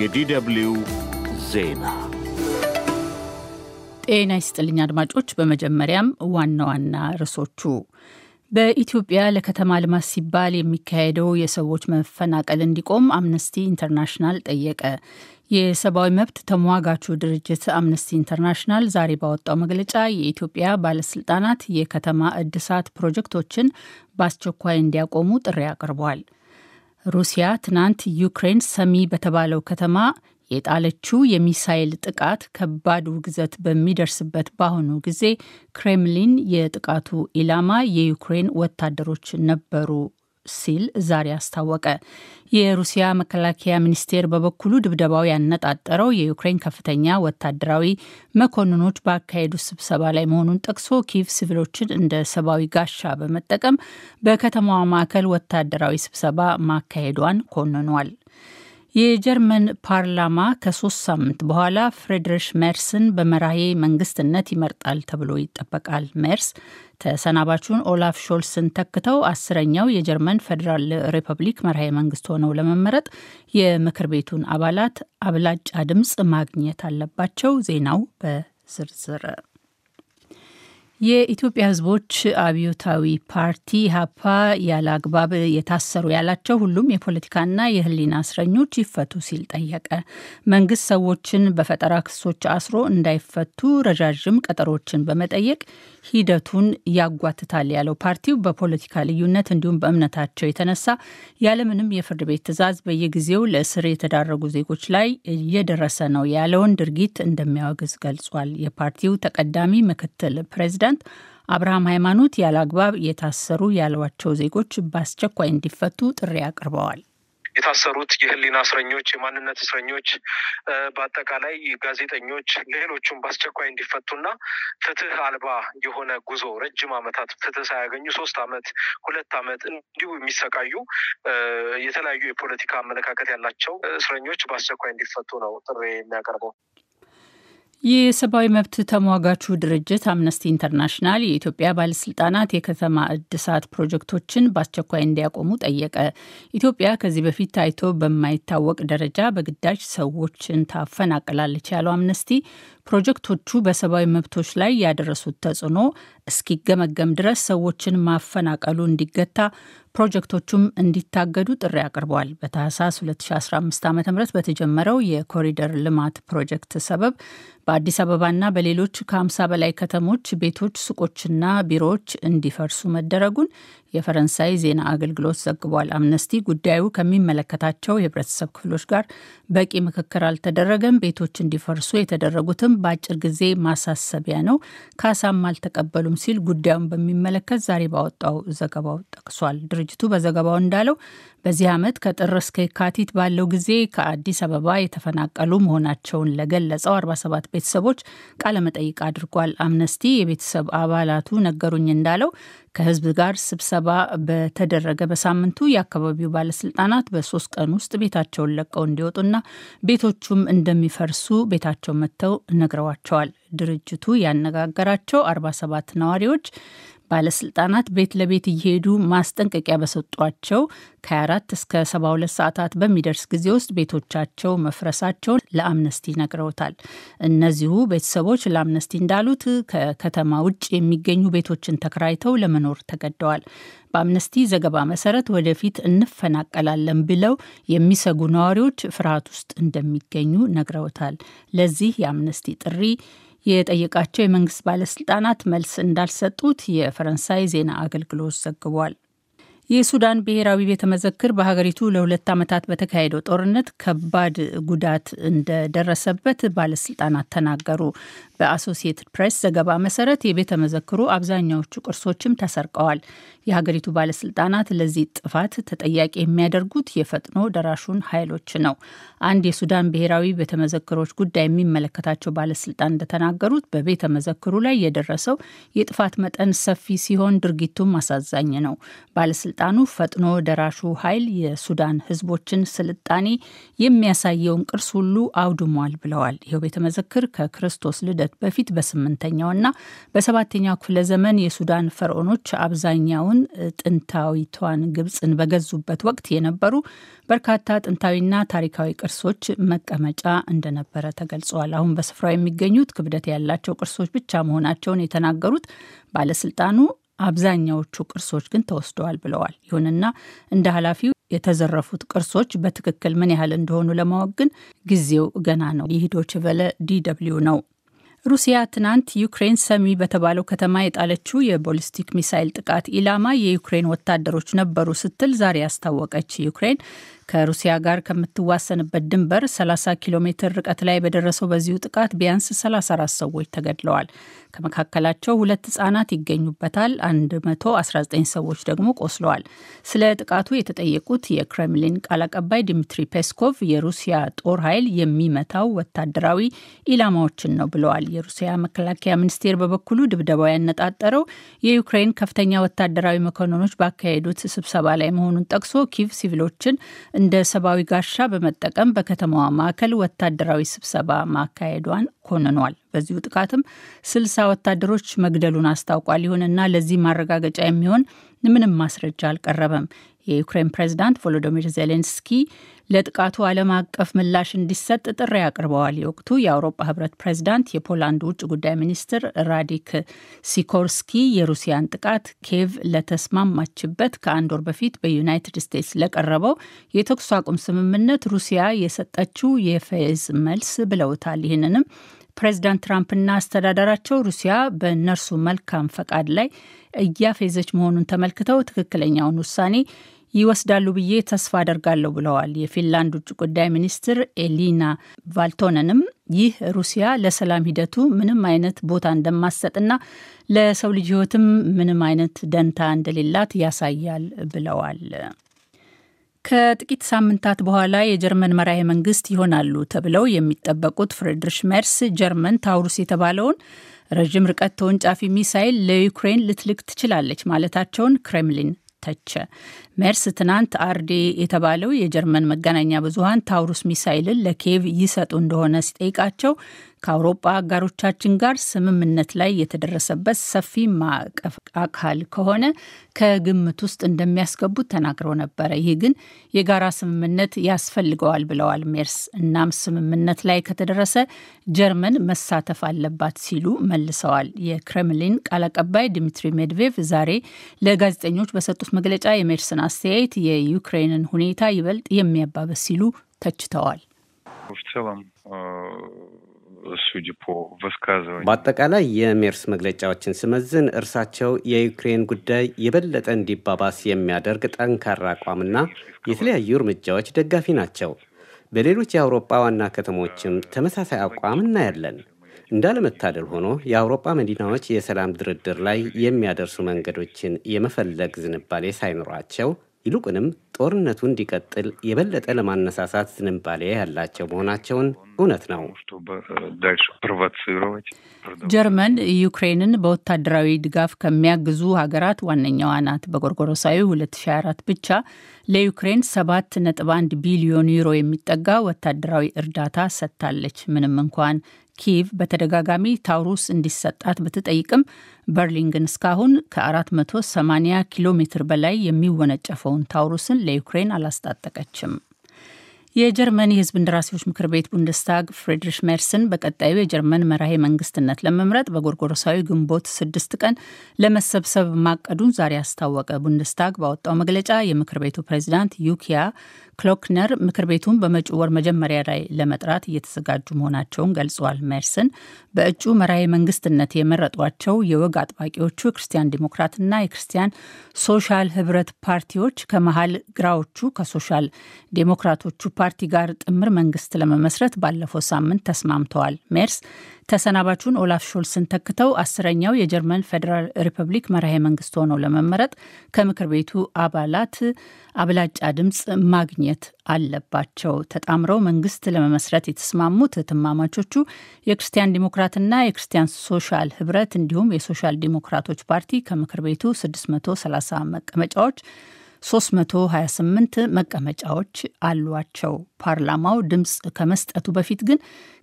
የዲደብልዩ ዜና ጤና ይስጥልኝ አድማጮች። በመጀመሪያም ዋና ዋና ርዕሶቹ በኢትዮጵያ ለከተማ ልማት ሲባል የሚካሄደው የሰዎች መፈናቀል እንዲቆም አምነስቲ ኢንተርናሽናል ጠየቀ። የሰብአዊ መብት ተሟጋቹ ድርጅት አምነስቲ ኢንተርናሽናል ዛሬ ባወጣው መግለጫ የኢትዮጵያ ባለስልጣናት የከተማ እድሳት ፕሮጀክቶችን በአስቸኳይ እንዲያቆሙ ጥሪ አቅርቧል። ሩሲያ ትናንት ዩክሬን ሰሚ በተባለው ከተማ የጣለችው የሚሳይል ጥቃት ከባድ ውግዘት በሚደርስበት በአሁኑ ጊዜ ክሬምሊን የጥቃቱ ኢላማ የዩክሬን ወታደሮች ነበሩ ሲል ዛሬ አስታወቀ። የሩሲያ መከላከያ ሚኒስቴር በበኩሉ ድብደባው ያነጣጠረው የዩክሬን ከፍተኛ ወታደራዊ መኮንኖች ባካሄዱት ስብሰባ ላይ መሆኑን ጠቅሶ ኪቭ ሲቪሎችን እንደ ሰብአዊ ጋሻ በመጠቀም በከተማዋ ማዕከል ወታደራዊ ስብሰባ ማካሄዷን ኮንኗል። የጀርመን ፓርላማ ከሶስት ሳምንት በኋላ ፍሬድሪሽ ሜርስን በመራሄ መንግስትነት ይመርጣል ተብሎ ይጠበቃል። ሜርስ ተሰናባቹን ኦላፍ ሾልስን ተክተው አስረኛው የጀርመን ፌዴራል ሪፐብሊክ መራሄ መንግስት ሆነው ለመመረጥ የምክር ቤቱን አባላት አብላጫ ድምፅ ማግኘት አለባቸው። ዜናው በዝርዝር የኢትዮጵያ ሕዝቦች አብዮታዊ ፓርቲ ሀፓ ያለ አግባብ የታሰሩ ያላቸው ሁሉም የፖለቲካና የሕሊና እስረኞች ይፈቱ ሲል ጠየቀ። መንግስት ሰዎችን በፈጠራ ክሶች አስሮ እንዳይፈቱ ረዣዥም ቀጠሮችን በመጠየቅ ሂደቱን ያጓትታል ያለው ፓርቲው በፖለቲካ ልዩነት እንዲሁም በእምነታቸው የተነሳ ያለምንም የፍርድ ቤት ትዕዛዝ በየጊዜው ለእስር የተዳረጉ ዜጎች ላይ እየደረሰ ነው ያለውን ድርጊት እንደሚያወግዝ ገልጿል። የፓርቲው ተቀዳሚ ምክትል ፕሬዚዳንት ፕሬዚዳንት አብርሃም ሃይማኖት ያለ አግባብ የታሰሩ ያሏቸው ዜጎች በአስቸኳይ እንዲፈቱ ጥሪ አቅርበዋል። የታሰሩት የህሊና እስረኞች፣ የማንነት እስረኞች፣ በአጠቃላይ ጋዜጠኞች፣ ሌሎቹም በአስቸኳይ እንዲፈቱና ፍትህ አልባ የሆነ ጉዞ ረጅም ዓመታት ፍትህ ሳያገኙ ሶስት ዓመት ሁለት ዓመት እንዲሁ የሚሰቃዩ የተለያዩ የፖለቲካ አመለካከት ያላቸው እስረኞች በአስቸኳይ እንዲፈቱ ነው ጥሪ የሚያቀርበው። የሰብአዊ መብት ተሟጋቹ ድርጅት አምነስቲ ኢንተርናሽናል የኢትዮጵያ ባለስልጣናት የከተማ እድሳት ፕሮጀክቶችን በአስቸኳይ እንዲያቆሙ ጠየቀ። ኢትዮጵያ ከዚህ በፊት ታይቶ በማይታወቅ ደረጃ በግዳጅ ሰዎችን ታፈናቅላለች ያለው አምነስቲ ፕሮጀክቶቹ በሰብአዊ መብቶች ላይ ያደረሱት ተጽዕኖ እስኪገመገም ድረስ ሰዎችን ማፈናቀሉ እንዲገታ ፕሮጀክቶቹም እንዲታገዱ ጥሪ አቅርቧል። በታህሳስ 2015 ዓ ም በተጀመረው የኮሪደር ልማት ፕሮጀክት ሰበብ በአዲስ አበባና በሌሎች ከ50 በላይ ከተሞች ቤቶች፣ ሱቆችና ቢሮዎች እንዲፈርሱ መደረጉን የፈረንሳይ ዜና አገልግሎት ዘግቧል። አምነስቲ ጉዳዩ ከሚመለከታቸው የህብረተሰብ ክፍሎች ጋር በቂ ምክክር አልተደረገም፣ ቤቶች እንዲፈርሱ የተደረጉትም በአጭር ጊዜ ማሳሰቢያ ነው፣ ካሳም አልተቀበሉም ሲል ጉዳዩን በሚመለከት ዛሬ ባወጣው ዘገባው ጠቅሷል። ድርጅቱ በዘገባው እንዳለው በዚህ ዓመት ከጥር እስከ የካቲት ባለው ጊዜ ከአዲስ አበባ የተፈናቀሉ መሆናቸውን ለገለጸው 47 ቤተሰቦች ቃለመጠይቅ አድርጓል። አምነስቲ የቤተሰብ አባላቱ ነገሩኝ እንዳለው ከህዝብ ጋር ስብሰባ በተደረገ በሳምንቱ የአካባቢው ባለስልጣናት በሶስት ቀን ውስጥ ቤታቸውን ለቀው እንዲወጡና ቤቶቹም እንደሚፈርሱ ቤታቸው መጥተው ነግረዋቸዋል። ድርጅቱ ያነጋገራቸው 47 ነዋሪዎች ባለስልጣናት ቤት ለቤት እየሄዱ ማስጠንቀቂያ በሰጧቸው ከ24 እስከ 72 ሰዓታት በሚደርስ ጊዜ ውስጥ ቤቶቻቸው መፍረሳቸውን ለአምነስቲ ነግረውታል። እነዚሁ ቤተሰቦች ለአምነስቲ እንዳሉት ከከተማ ውጭ የሚገኙ ቤቶችን ተከራይተው ለመኖር ተገደዋል። በአምነስቲ ዘገባ መሰረት ወደፊት እንፈናቀላለን ብለው የሚሰጉ ነዋሪዎች ፍርሃት ውስጥ እንደሚገኙ ነግረውታል። ለዚህ የአምነስቲ ጥሪ የጠየቃቸው የመንግስት ባለስልጣናት መልስ እንዳልሰጡት የፈረንሳይ ዜና አገልግሎት ዘግቧል። የሱዳን ብሔራዊ ቤተ መዘክር በሀገሪቱ ለሁለት ዓመታት በተካሄደው ጦርነት ከባድ ጉዳት እንደደረሰበት ባለስልጣናት ተናገሩ። በአሶሲየትድ ፕሬስ ዘገባ መሰረት የቤተ መዘክሩ አብዛኛዎቹ ቅርሶችም ተሰርቀዋል። የሀገሪቱ ባለስልጣናት ለዚህ ጥፋት ተጠያቂ የሚያደርጉት የፈጥኖ ደራሹን ኃይሎች ነው። አንድ የሱዳን ብሔራዊ ቤተ መዘክሮች ጉዳይ የሚመለከታቸው ባለስልጣን እንደተናገሩት በቤተ መዘክሩ ላይ የደረሰው የጥፋት መጠን ሰፊ ሲሆን ድርጊቱም አሳዛኝ ነው። ባለስልጣኑ ፈጥኖ ደራሹ ኃይል የሱዳን ህዝቦችን ስልጣኔ የሚያሳየውን ቅርስ ሁሉ አውድሟል ብለዋል። ይኸው ቤተ መዘክር ከክርስቶስ ልደ ከመመስረት በፊት በስምንተኛውና በሰባተኛው ክፍለ ዘመን የሱዳን ፈርዖኖች አብዛኛውን ጥንታዊቷን ግብፅን በገዙበት ወቅት የነበሩ በርካታ ጥንታዊና ታሪካዊ ቅርሶች መቀመጫ እንደነበረ ተገልጿል። አሁን በስፍራው የሚገኙት ክብደት ያላቸው ቅርሶች ብቻ መሆናቸውን የተናገሩት ባለስልጣኑ አብዛኛዎቹ ቅርሶች ግን ተወስደዋል ብለዋል። ይሁንና እንደ ኃላፊው የተዘረፉት ቅርሶች በትክክል ምን ያህል እንደሆኑ ለማወቅ ግን ጊዜው ገና ነው። ይህ ዶችቨለ ዲ ደብልዩ ነው። ሩሲያ ትናንት ዩክሬን ሰሚ በተባለው ከተማ የጣለችው የቦሊስቲክ ሚሳይል ጥቃት ኢላማ የዩክሬን ወታደሮች ነበሩ ስትል ዛሬ ያስታወቀች። ዩክሬን ከሩሲያ ጋር ከምትዋሰንበት ድንበር 30 ኪሎ ሜትር ርቀት ላይ በደረሰው በዚሁ ጥቃት ቢያንስ 34 ሰዎች ተገድለዋል። ከመካከላቸው ሁለት ህጻናት ይገኙበታል። 119 ሰዎች ደግሞ ቆስለዋል። ስለ ጥቃቱ የተጠየቁት የክሬምሊን ቃል አቀባይ ዲሚትሪ ፔስኮቭ የሩሲያ ጦር ኃይል የሚመታው ወታደራዊ ኢላማዎችን ነው ብለዋል። የሩሲያ መከላከያ ሚኒስቴር በበኩሉ ድብደባው ያነጣጠረው የዩክሬን ከፍተኛ ወታደራዊ መኮንኖች ባካሄዱት ስብሰባ ላይ መሆኑን ጠቅሶ ኪቭ ሲቪሎችን እንደ ሰብአዊ ጋሻ በመጠቀም በከተማዋ ማዕከል ወታደራዊ ስብሰባ ማካሄዷን ኮንኗል። በዚሁ ጥቃትም ስልሳ ወታደሮች መግደሉን አስታውቋል። ይሁንና ለዚህ ማረጋገጫ የሚሆን ምንም ማስረጃ አልቀረበም። የዩክሬን ፕሬዝዳንት ቮሎዶሚር ዜሌንስኪ ለጥቃቱ ዓለም አቀፍ ምላሽ እንዲሰጥ ጥሪ አቅርበዋል። የወቅቱ የአውሮፓ ህብረት ፕሬዝዳንት የፖላንድ ውጭ ጉዳይ ሚኒስትር ራዲክ ሲኮርስኪ የሩሲያን ጥቃት ኬቭ ለተስማማችበት ከአንድ ወር በፊት በዩናይትድ ስቴትስ ለቀረበው የተኩስ አቁም ስምምነት ሩሲያ የሰጠችው የፌዝ መልስ ብለውታል። ይህንንም ፕሬዚዳንት ትራምፕና አስተዳደራቸው ሩሲያ በእነርሱ መልካም ፈቃድ ላይ እያፌዘች መሆኑን ተመልክተው ትክክለኛውን ውሳኔ ይወስዳሉ ብዬ ተስፋ አደርጋለሁ ብለዋል። የፊንላንድ ውጭ ጉዳይ ሚኒስትር ኤሊና ቫልቶነንም ይህ ሩሲያ ለሰላም ሂደቱ ምንም አይነት ቦታ እንደማሰጥና ለሰው ልጅ ሕይወትም ምንም አይነት ደንታ እንደሌላት ያሳያል ብለዋል። ከጥቂት ሳምንታት በኋላ የጀርመን መራሄ መንግስት ይሆናሉ ተብለው የሚጠበቁት ፍሬድሪሽ ሜርስ ጀርመን ታውሩስ የተባለውን ረዥም ርቀት ተወንጫፊ ሚሳይል ለዩክሬን ልትልክ ትችላለች ማለታቸውን ክሬምሊን ተቸ። ሜርስ ትናንት አርዴ የተባለው የጀርመን መገናኛ ብዙሀን ታውሩስ ሚሳይልን ለኬቭ ይሰጡ እንደሆነ ሲጠይቃቸው ከአውሮጳ አጋሮቻችን ጋር ስምምነት ላይ የተደረሰበት ሰፊ ማዕቀፍ አካል ከሆነ ከግምት ውስጥ እንደሚያስገቡት ተናግረው ነበረ። ይህ ግን የጋራ ስምምነት ያስፈልገዋል ብለዋል ሜርስ። እናም ስምምነት ላይ ከተደረሰ ጀርመን መሳተፍ አለባት ሲሉ መልሰዋል። የክሬምሊን ቃል አቀባይ ዲሚትሪ ሜድቬቭ ዛሬ ለጋዜጠኞች በሰጡት መግለጫ የሜርስን አስተያየት የዩክሬንን ሁኔታ ይበልጥ የሚያባበስ ሲሉ ተችተዋል። судя по በአጠቃላይ የሜርስ መግለጫዎችን ስመዝን እርሳቸው የዩክሬን ጉዳይ የበለጠ እንዲባባስ የሚያደርግ ጠንካራ አቋምና የተለያዩ እርምጃዎች ደጋፊ ናቸው። በሌሎች የአውሮፓ ዋና ከተሞችም ተመሳሳይ አቋም እናያለን። እንዳለመታደል ሆኖ የአውሮፓ መዲናዎች የሰላም ድርድር ላይ የሚያደርሱ መንገዶችን የመፈለግ ዝንባሌ ሳይኖራቸው ይልቁንም ጦርነቱ እንዲቀጥል የበለጠ ለማነሳሳት ዝንባሌ ያላቸው መሆናቸውን እውነት ነው። ጀርመን ዩክሬንን በወታደራዊ ድጋፍ ከሚያግዙ ሀገራት ዋነኛዋ ናት። በጎርጎሮሳዊ 2024 ብቻ ለዩክሬን 7.1 ቢሊዮን ዩሮ የሚጠጋ ወታደራዊ እርዳታ ሰጥታለች። ምንም እንኳን ኪቭ በተደጋጋሚ ታውሩስ እንዲሰጣት ብትጠይቅም ግን እስካሁን ከ480 ኪሎ ሜትር በላይ የሚወነጨፈውን ታውሩስን ለዩክሬን አላስታጠቀችም። የጀርመን የህዝብ እንደራሴዎች ምክር ቤት ቡንደስታግ ፍሬድሪሽ ሜርስን በቀጣዩ የጀርመን መራሄ መንግስትነት ለመምረጥ በጎርጎሮሳዊ ግንቦት ስድስት ቀን ለመሰብሰብ ማቀዱን ዛሬ አስታወቀ። ቡንደስታግ ባወጣው መግለጫ የምክር ቤቱ ፕሬዚዳንት ዩኪያ ክሎክነር ምክር ቤቱን በመጪው ወር መጀመሪያ ላይ ለመጥራት እየተዘጋጁ መሆናቸውን ገልጸዋል። ሜርስን በእጩ መራሄ መንግስትነት የመረጧቸው የወግ አጥባቂዎቹ የክርስቲያን ዲሞክራትና የክርስቲያን ሶሻል ህብረት ፓርቲዎች ከመሀል ግራዎቹ ከሶሻል ዴሞክራቶቹ ፓርቲ ጋር ጥምር መንግስት ለመመስረት ባለፈው ሳምንት ተስማምተዋል። ሜርስ ተሰናባቹን ኦላፍ ሾልስን ተክተው አስረኛው የጀርመን ፌዴራል ሪፐብሊክ መራሄ መንግስት ሆነው ለመመረጥ ከምክር ቤቱ አባላት አብላጫ ድምፅ ማግኘት አለባቸው። ተጣምረው መንግስት ለመመስረት የተስማሙት ትማማቾቹ የክርስቲያን ዲሞክራትና የክርስቲያን ሶሻል ህብረት እንዲሁም የሶሻል ዲሞክራቶች ፓርቲ ከምክር ቤቱ 630 መቀመጫዎች 328 መቀመጫዎች አሏቸው። ፓርላማው ድምፅ ከመስጠቱ በፊት ግን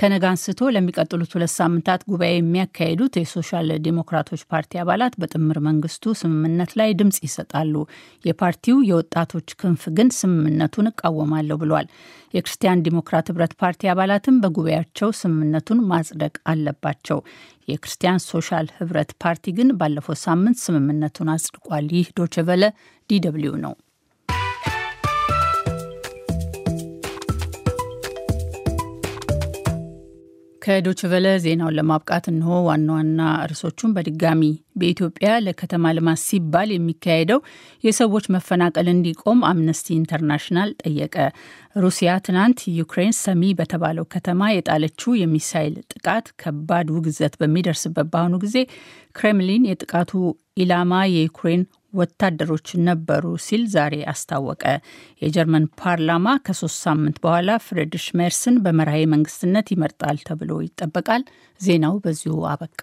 ከነገ አንስቶ ለሚቀጥሉት ሁለት ሳምንታት ጉባኤ የሚያካሂዱት የሶሻል ዴሞክራቶች ፓርቲ አባላት በጥምር መንግስቱ ስምምነት ላይ ድምፅ ይሰጣሉ። የፓርቲው የወጣቶች ክንፍ ግን ስምምነቱን እቃወማለሁ ብሏል። የክርስቲያን ዲሞክራት ህብረት ፓርቲ አባላትም በጉባኤያቸው ስምምነቱን ማጽደቅ አለባቸው። የክርስቲያን ሶሻል ህብረት ፓርቲ ግን ባለፈው ሳምንት ስምምነቱን አጽድቋል። ይህ ዶችቨለ ዲደብልዩ ነው። ከዶችቨለ ዜናውን ለማብቃት እንሆ ዋና ዋና ርዕሶቹን በድጋሚ በኢትዮጵያ ለከተማ ልማት ሲባል የሚካሄደው የሰዎች መፈናቀል እንዲቆም አምነስቲ ኢንተርናሽናል ጠየቀ። ሩሲያ ትናንት ዩክሬን ሰሚ በተባለው ከተማ የጣለችው የሚሳይል ጥቃት ከባድ ውግዘት በሚደርስበት በአሁኑ ጊዜ ክሬምሊን የጥቃቱ ኢላማ የዩክሬን ወታደሮች ነበሩ ሲል ዛሬ አስታወቀ። የጀርመን ፓርላማ ከሶስት ሳምንት በኋላ ፍሬድሪሽ ሜርስን በመርሃዊ መንግስትነት ይመርጣል ተብሎ ይጠበቃል። ዜናው በዚሁ አበቃ።